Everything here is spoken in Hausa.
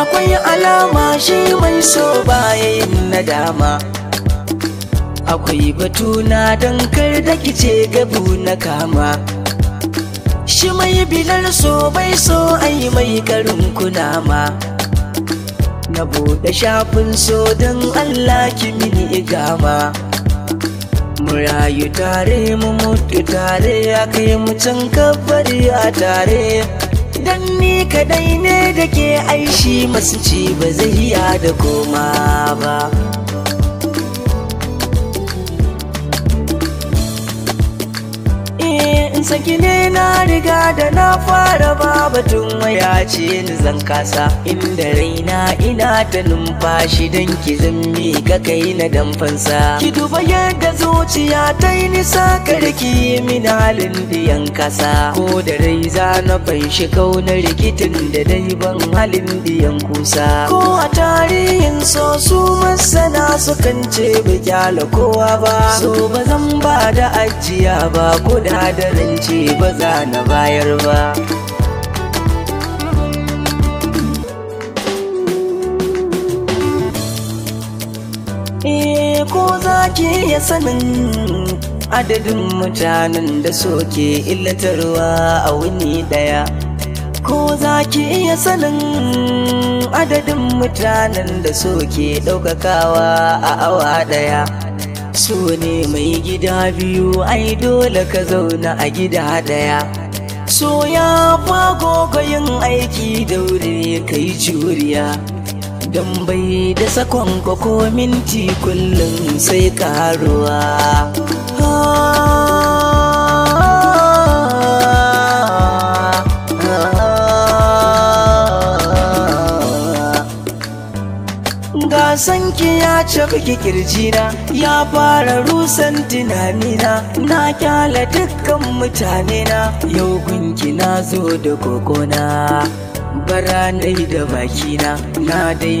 akwai alama shi mai so bayan dama akwai batuna don kar da kice gabu na kama shi mai bilar so bai so ai mai karin kunama na bude shafin so don allah ki mini igama mu rayu tare mu mutu tare a kai mu can kabari a tare dan ni kadai ne da ke masu ci ba zai iya da koma ba saki ne na riga da na fara ba batun waya ce ni zan kasa inda raina ina ta numfashi don ki zammi ka kai na damfansa. fansa ki duba yadda zuciya ta yi nisa karki min halin diyan kasa ko da rai za na shi kauna rikitin da dai ban halin diyan kusa ko a tarihin so su masana sukan ce bi kyala kowa ba so ba zan ba da ajiya ba ko da rai zalunci ba za na bayar ba eh, ko za ki ya sanin adadin mutanen da soke illatarwa a wuni daya ko za ki iya sanin adadin mutanen da soke ɗaukakawa a awa daya so ne mai gida biyu ai dole ka zauna a gida daya so ya fagogo yin aiki daure kai juriya don bai da sakon ko minti kullum sai karuwa ga sanki ya cika kirjina ya fara rusan tunani na kyala dukkan mutanena yau gunki na zo da kokona baranai da bakina na dai